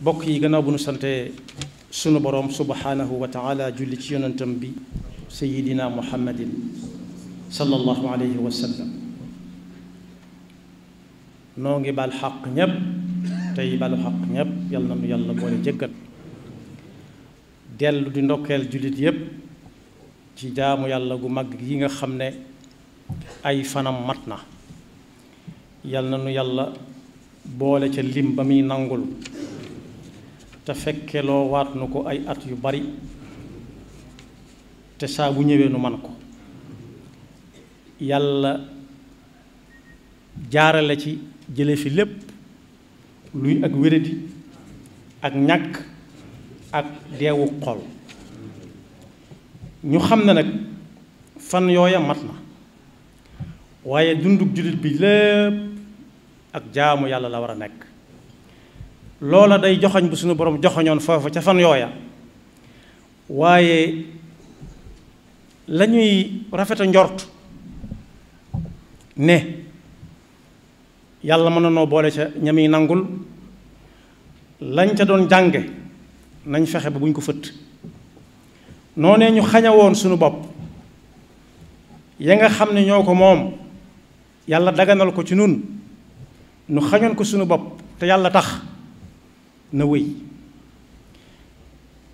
bokk yi gannaaw bu nu sante sunu boroom subhanahu wa taala julli ci yonentam bi sayidina muhammadin sallallahu alayhi wa sallam noo ngi bal xaq ñépp tey balu xaq ñépp yal na nu yàlla boole jëggat dellu di ndokkeel jullit yépp ci jaamu yàlla gu mag yi nga xam ne ay fanam mat na yal na nu yàlla boole ca lim ba muy nangul te fekke loo waat nu ko ay at yu bari te saa bu ñëwee nu man ko yàlla jaarale ci jële fi lépp luy ak wéradi ak ñakk ak deewu xol ñu xam ne nag fan yooya mat na waaye dundug jullit bi lépp ak jaamu yàlla la war a nekk loola day joxañ bu suñu borom joxañoon foofa ca fan yooya waaye lañuy rafet rafeta njort ne yàlla mën na noo boole ca ñam yi nangul lañ ca doon jànge nañ fexe ba buñ ko fëtt noonee ñu xañawoon suñu bopp ya nga xam ne ñoo ko moom yàlla daganal ko ci nun nu xañoon ko suñu bopp te yàlla tax na wéy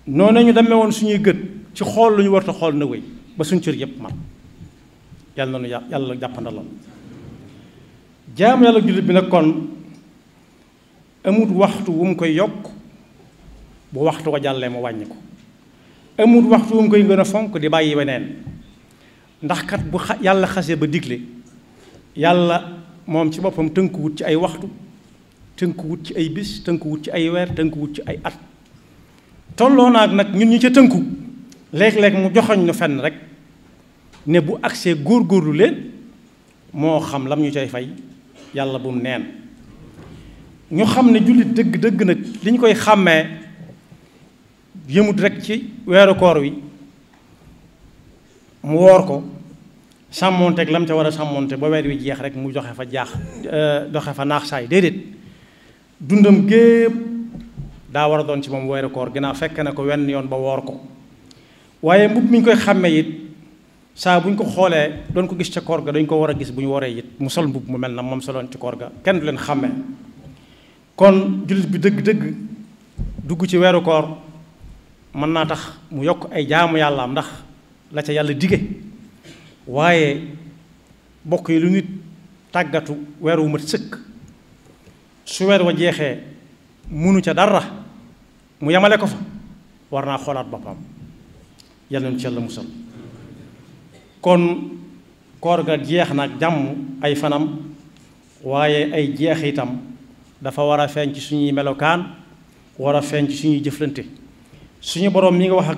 noonu ñu demee woon suñuy gët ci xool lu ñu warta xool na wéy ba suñ cër yépp mat yàlla na yàlla jàppandalal jaamu yàlla jullit bi nag kon amut waxtu wu mu koy yokk bu waxtu ko jàllee mu wàññi ko amut waxtu wu mu koy gën a fonk di bàyyi weneen ndax kat bu yàlla xasee ba digle yàlla moom ci boppam tënkuwut ci ay waxtu tënkuwut ci ay bis tënkuwut ci ay weer tënkuwut ci ay at tolloo naag nag ñun ñu ca tënku léeg-léeg mu joxoñ nu fenn rek ne bu agsee góor góorgóorlu leen moo xam lam ñu cay fay yàlla bum neen ñu xam ne jullit dëgg dëgg nag li ñu koy xàmmee yëmut rek ci weeru koor wi mu woor ko sàmmoonteeg lam ca war a sàmmoonte ba weer wi jeex rek mu joxe fa jaax euh, doxe fa naax saay déedéet dundam gépp daa war a doon ci moom weeru koor ginnaaw fekk na ko wenn yoon ba woor ko waaye mbubb mi ñu koy xàmmee it saa bu ñu ko xoolee doon ko gis ca koor ga dañ ko war a gis bu ñu waree it mu sol mbub mu mel na moom soloon ci koor ga kenn du leen xàmmee kon jullit bi dëgg-dëgg dugg ci weeru koor mën naa tax mu yokk ay jaamu yàllaam ndax la ca yàlla dige waaye bokk yi lu nit tàggatu weer wu mat sëkk su weer wa jeexee munu ca dara mu yamale ko fa war naa xoolaat boppam yàlla na ci yàlla musal kon koor ga jeex naa jàmm ay fanam waaye ay jeex itam dafa war a feeñ suñuy melokaan war a fenc suñuy jëflante suñu borom mi nga wax ak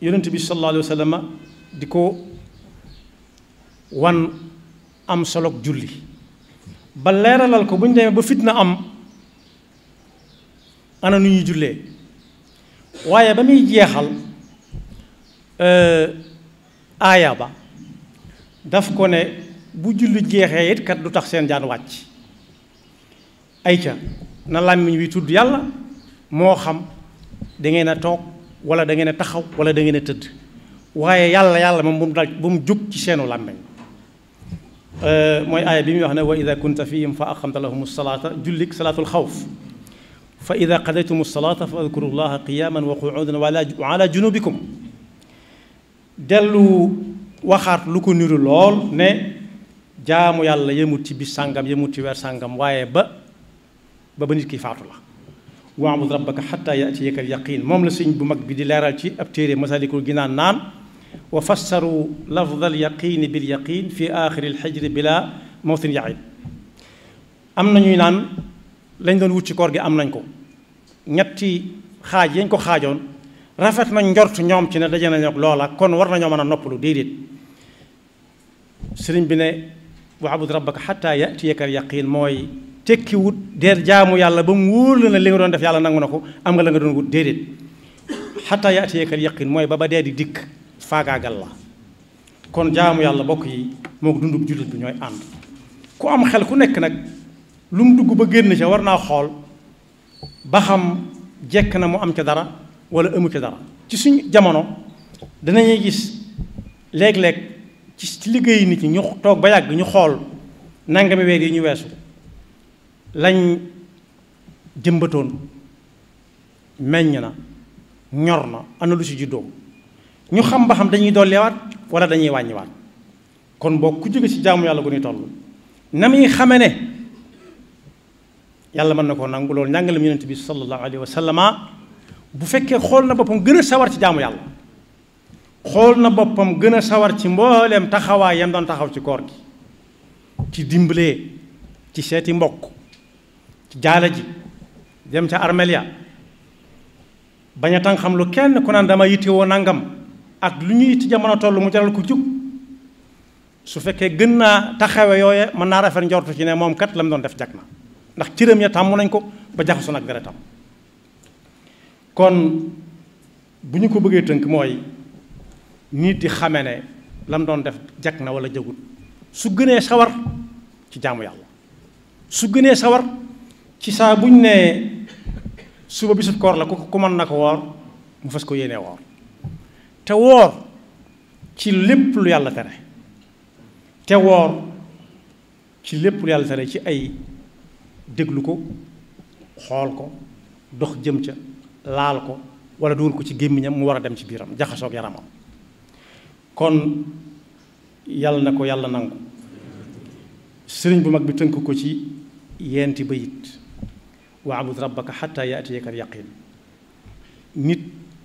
yonent bi sallallahu alayhi wa di ko wan am solog julli ba leeralal ko bu ñu demee ba fitna am ana nu ñuy jullee waaye ba muy jeexal euh, aaya ba daf ko ne bu julli jeexee yitkat du tax seen jaan wàcc ay ca na làmmiñ wi tudd yàlla moo xam dangeen a toog wala dangeen taxaw wala da ngeen tëdd waaye yàlla yàlla moom bu mu dal bu mu jug ci seenu làmmiñ Euh, mooy aaya bi muy wax ne wa ida kunta fihim fa aqamta lahum salaata jullik salaatul xawf fa ida qadaytum salaata fa adkuru llaha qiyaman wa quudan wa ala junubikum dellu waxaat lu ko niru lool ne jaamu yàlla yemut ci bis sàngam yemut ci weer sàngam waaye ba ba ba nit ki faatu la waabud rabbaka xatta yatiyaka al yaqin moom la sëñ bu mag bi di leeral ci ab téere masalikul ginaan naan wa fassaru lafda al bi bil yaqin fi axiri al xijri bila mawtin yaqin am na ñuy naan lañ doon wut ci koor gi am nañ ko ñetti xaaj yañ ko xaajoon rafet na njort ñoom ci ne daje nañu ak loola kon war nañoo mën a noppalu déedéet sëriñ bi ne waabud rabbaka xataa yatiyaka al yaqin mooy tekki wut deer jaamu yàlla ba mu wóor la li nga doon def yàlla nangu na ko am nga la nga doon wut déedéet xataa yatiyaka al yaqin mooy ba ba dee di dikk faagaagal la kon jaamu yàlla bokk yi mook dundub jullit bi ñooy ànd ku am xel ku nekk nag lu mu dugg ba génn ca war naa xool ba xam jekk na mu am ca dara wala ëmu ca dara ci suñ jamono danañuy gis léeg-léeg ci liggéey nit ñi ñu toog ba yàgg ñu xool nangami yi ñu weesu lañ jëmbatoon meññ na ñor na ana lu si juddoo ñu xam ba xam dañuy dolliwaat wala dañuy wàññiwaat kon boo ku jóge ci jaamu yàlla gu ñuy toll na muy xame ne yàlla mën na koo nangu loolu njàngale mu yonent bi sallallahu alayhi wa bu fekkee xool na boppam gën sawar ci jaamu yàlla xool na boppam gën a sawar ci mbooleem taxawaay yam doon taxaw ci koor gi ci dimbalee ci seeti mbokk ci jaala ji dem ca armelia bañ a tàng xam lu kenn ku naan dama yittewoo nangam ak lu ñuy ci jamono toll mu jaral ko jug su fekkee gën naa taxawe yooye mën naa rafet njortu ci ne moom kat la mu doon def jag na ndax cëram ya tàmm nañ ko ba jaxasoo nag dara kon bu ñu ko bëggee tënk mooy nit di xame ne la doon def jag na wala jagut su gënee sawar ci jaamu yàlla su gënee sawar ci saa buñ ne suba bisub koor la ku ku mën na ko woor mu fas ko yéenee woor te woor ci lépp lu yàlla tere te woor ci lépp lu yàlla tere ci ay déglu ko xool ko dox jëm ca laal ko wala dugal ko ci gémmiñam mu war a dem ci biiram jaxasoog yaramam kon yàlla na ko yàlla nangu sëriñ bu mag bi tënk ko ci yenti bayit waabud rabbaka xatta yaatiyaka al yaqin nit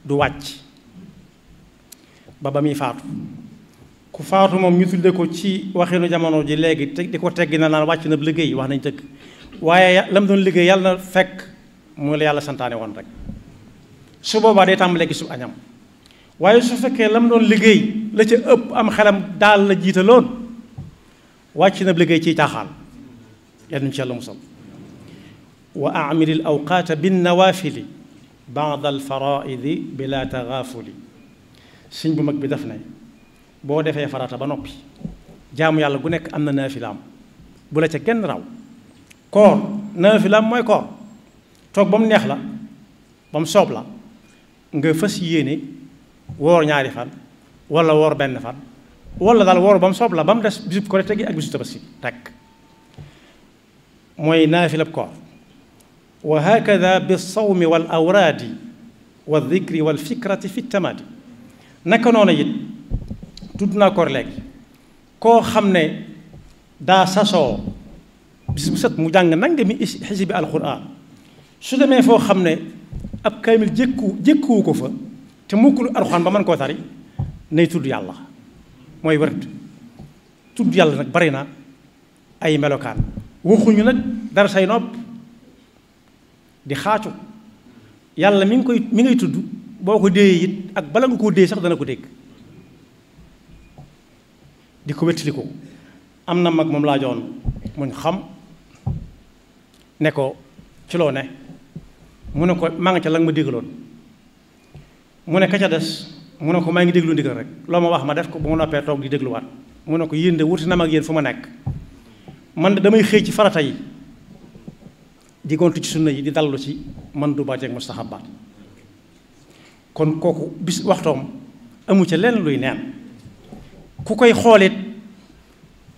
du wàcc ba ba muy faatu ku faatu moom ñu tudde ko ci waxinu jamono ji léegi te di ko teggi na naan wàcc na liggéey wax nañ dëgg waaye lam doon liggéey yàlla na fekk mu la yàlla santaane woon rek su boobaa day tàmbalee su añam waaye su fekkee lam doon liggéey la ca ëpp am xelam daal la jiitaloon wàcc na liggéey ci caaxaan yal nañu ci yàlla musal wa amiri l awqaata binnawaafili baada alfaraidi bila tagaafuli sëñ bu mag bi def ne boo defee farata ba noppi jaamu yàlla gu nekk am na naafilaam bu la ca kenn raw koor naafilaam mooy koor toog ba mu neex la ba mu soob la nga fas yéene woor ñaari fan walla woor benn fan wala daal woor ba mu soob la ba mu des bisub korite gi ak bisub tabaski takk mooy naafilab koor wa hakada bi sawmi wal awraadi wa naka noonu it tudd naa ko léegi koo xam ne daa sasoo bis bu mu jàng nangami xisibi alquran su demee foo xam ne ab kaamil jékku jékkuwu ko fa te mukkul alquran ba man koo tari nay tudd yàlla mooy wërd tudd yàlla nag bari na ay melokaan waxuñu nag dara say nopp di xaacu yàlla mi ngi koy mi ngay tudd boo ko déeyee it ak bala nga koo dee sax dana ko dégg di ko wettali ko am na mag moom laa joxoon muñ xam ne ko ci loo ne mu ne ko maa ngi ca la ma déggaloon mu ne ca des mu ne ko maa ngi déglu ndigal rek loo ma wax ma def ko bu ma noppee toog di dégluwaat mu ne ko yéen de wuti na mag yéen fu ma nekk man damay xëy ci farata yi di gontu ci sunna yi di dallu ci man du baateeg mustaxabaat kon kooku bis waxtoom amu ci lenn luy neen ku koy xoolit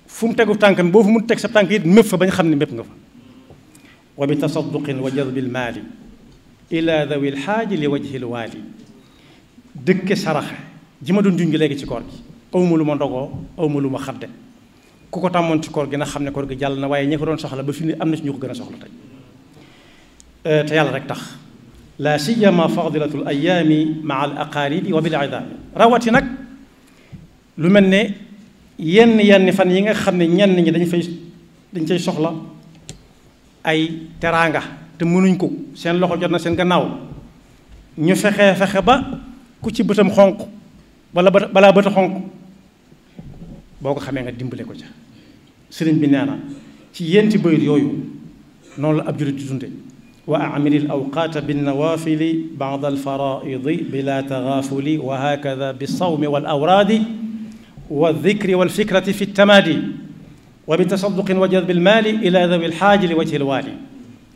fu mu tegu tànkam boo fu mu teg sa tànk it mépp fa bañ xam ne mépp nga fa wa bi tasadduqin wa jadbil maali ila dawil xaaji li wajhil waali dëkke saraxe ji ma doon juñ gi léegi ci koor gi awma lu ma ndogoo awma lu ma xadde ku ko tàmmoon ci koor gi na xam ne koor gi jàll na waaye ñi ko doon soxla ba fi ni am na ci ñu ko gën a soxla tey te yàlla rek tax la siyama fadilatu l ayaami maa al aqaaribi wa bil idaami rawati nag lu mel ne yenn yenn fan yi nga xam ne ñenn ñi dañ fay dañ cay soxla ay teraanga te mënuñ ko seen loxo jot na seen gannaaw ñu fexe fexe ba ku ci bëtam xonq bala bët balaa bëta xonq boo ko xamee nga dimbale ko ca sëriñ bi nee na ci yenti bayit yooyu noonu la ab jullit di dunde wa amiri l awqaata binnawaafili baada alfaraidi bila tagaafuli wa hakada bilsawmi wal awraadi wa dikri wal fikrati fi tamaadi wa bitasaduqin wa jadbi lmaali ila dawi lxaaji li wajhi lwaali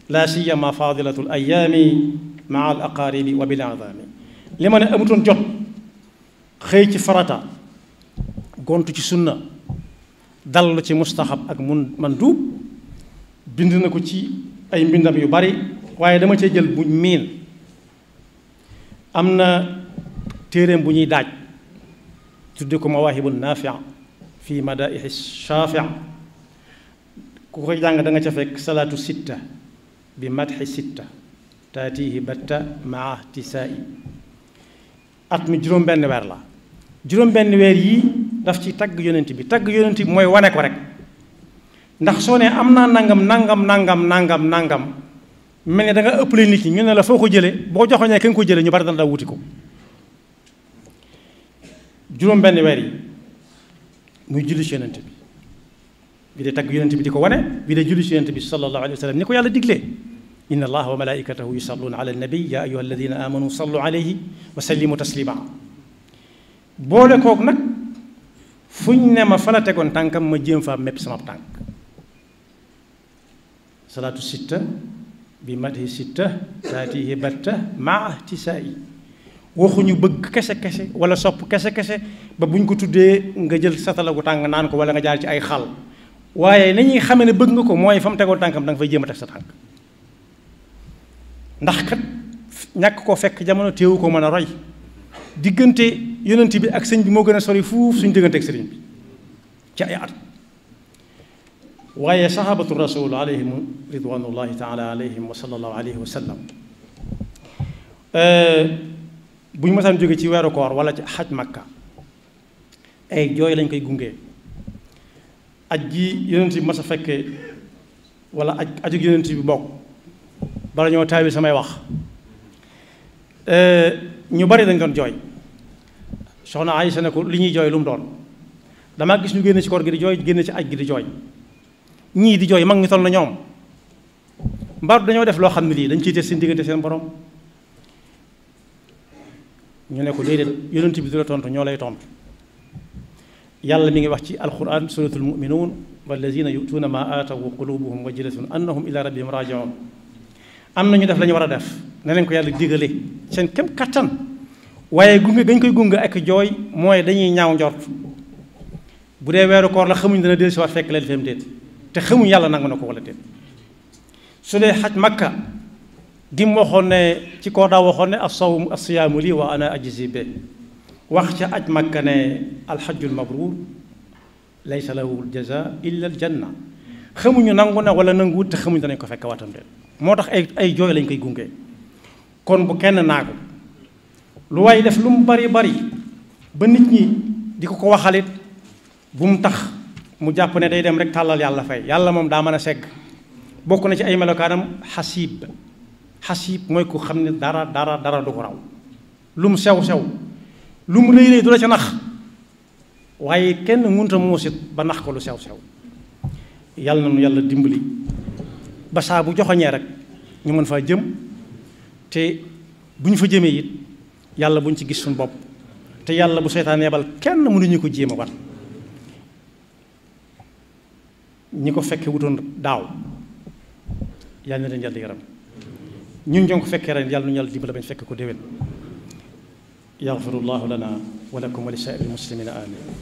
laa siyama faadilatu l ayaami maa al aqaaribi wa bil aadaami li ma ne amutoon jot xëy ci farata gont ci sunna dallu ci mustaxab ak mun man duub bind na ko ci ay mbindam yu bari waaye dama cee jël buñ miin am na téeréem bu ñuy daaj tudde ko mawaahibu naafia fi madaixi shafia ku ko jàng danga nga ca fekk salaatu sitta bi madxi sitta taatihi batta maa tisaa'i at mi juróom benn weer la juróom benn weer yi daf ci tagg yonent bi tagg yonant bi mooy wane ko rek ndax soo nee am naa nangam nangam nangam nangam nangam mel ne da nga ëppale nit ñi ñu ne la foo ko jëlee boo joxoñee kañ ko jëlee ñu bari dana daa wuti ko juróom benn weer yi muy julli ci yonent bi bi dee tagg yonent bi di ko wane bi de julli ci bi sallallahu alayhi wa sallam ni ko yàlla diglee inna allaha wa malaikatahu yusalluuna ala annabi ya ayuha alladina amanu sallu alayhi wa sallimu taslima boole kook nag fu ñu ne ma fa la tegoon tànkam ma jéem faa mépp sama tànk salaatu sitta bi mati sitta taatihi batta maa tisaa'i waxuñu bëgg kese kese wala sopp kese kese ba buñ ko tuddee nga jël satala gu tàng naan ko wala nga jaar ci ay xal waaye nañuy xamee ne bëgg nga ko mooy fa mu tegoon tànkam da nga fay jéem a teg sa tànk ndax kat ñàkk koo fekk jamono téewu ko mën a roy diggante yonent bi ak sëñ bi moo gën a sori fuuf suñ digganteeg sëriñ bi ci ay at waaye saxaabatu rasul alayhim ridwanullahi taala alayhim wa sallallahu alayhi wa bu ñu masaan jóge ci weeru koor wala ci xaj makka ay jooy lañ koy gunge aj gi yonent bi mas a fekke wala aj ajug yonent bi bokk bala ñoo taawi samay wax ñu bari dañ doon jooy soxna Aysa ne ko li ñuy jooy lu mu doon damaa gis ñu génn ci koor gi di jooy génn ci aj gi di jooy ñii di jooy mag ñi toll na ñoom mbaadu dañoo def loo xam ne lii dañ ciy def seen diggante seen borom ñu ne ko déedéet yonent bi du la tontu ñoo lay tontu yàlla mi ngi wax ci alquran suratul muminuun wallazina yutuuna maa aataw qulubuhum wajilatun annahum ila rabbihim rajiun am na ñu def lañu war a def ne leen ko yàlla digale seen kem kattan waaye gunge gañ koy gunge ak jooy mooy dañuy ñaaw njort bu dee weeru koor la xamuñ dana dellusiwaat fekk leen fem déet te xamuñ yàlla nangu na ko wala déet su dee xaj makka gi waxoon ne ci koor daa waxoon ne as-sawm as-siyaamu lii wa ana ajzi bi wax ca aj makka ne alxajjul mabruur laysa lahu al-jazaa illa al-janna xamuñu nangu na wala nanguwut te xamuñu danañ ko fekk waatam déet moo tax ay ay jooy lañ koy gunge kon bu kenn naagu lu waay def lu mu bari bari ba nit ñi di ko ko waxalit bu mu tax mu jàpp ne day dem rek tàllal yàlla fay yàlla moom daa mën a segg bokk na ci ay melokaanam xasiib xasiib mooy ko xam ne dara dara dara du ko raw lu mu sew sew lu mu rëy rëy du la ca nax waaye kenn munta muusit ba nax ko lu sew sew yàlla na nu yàlla dimbali basaa bu joxoñee rek ñu mën faa jëm te bu ñu fa jëmee it yàlla bu ñu ci gis suñu bopp te yàlla bu seytaan yebal kenn mënuñu ko jéem a ñi ko fekkee wutoon daaw yal na leen yàlla yaram ñun ñoo ko fekkee ren yàlla nu yàlla dimbale bañ fekk ko déwén yaxfirullahu lana wa lakum wa li saa'iril muslimina amin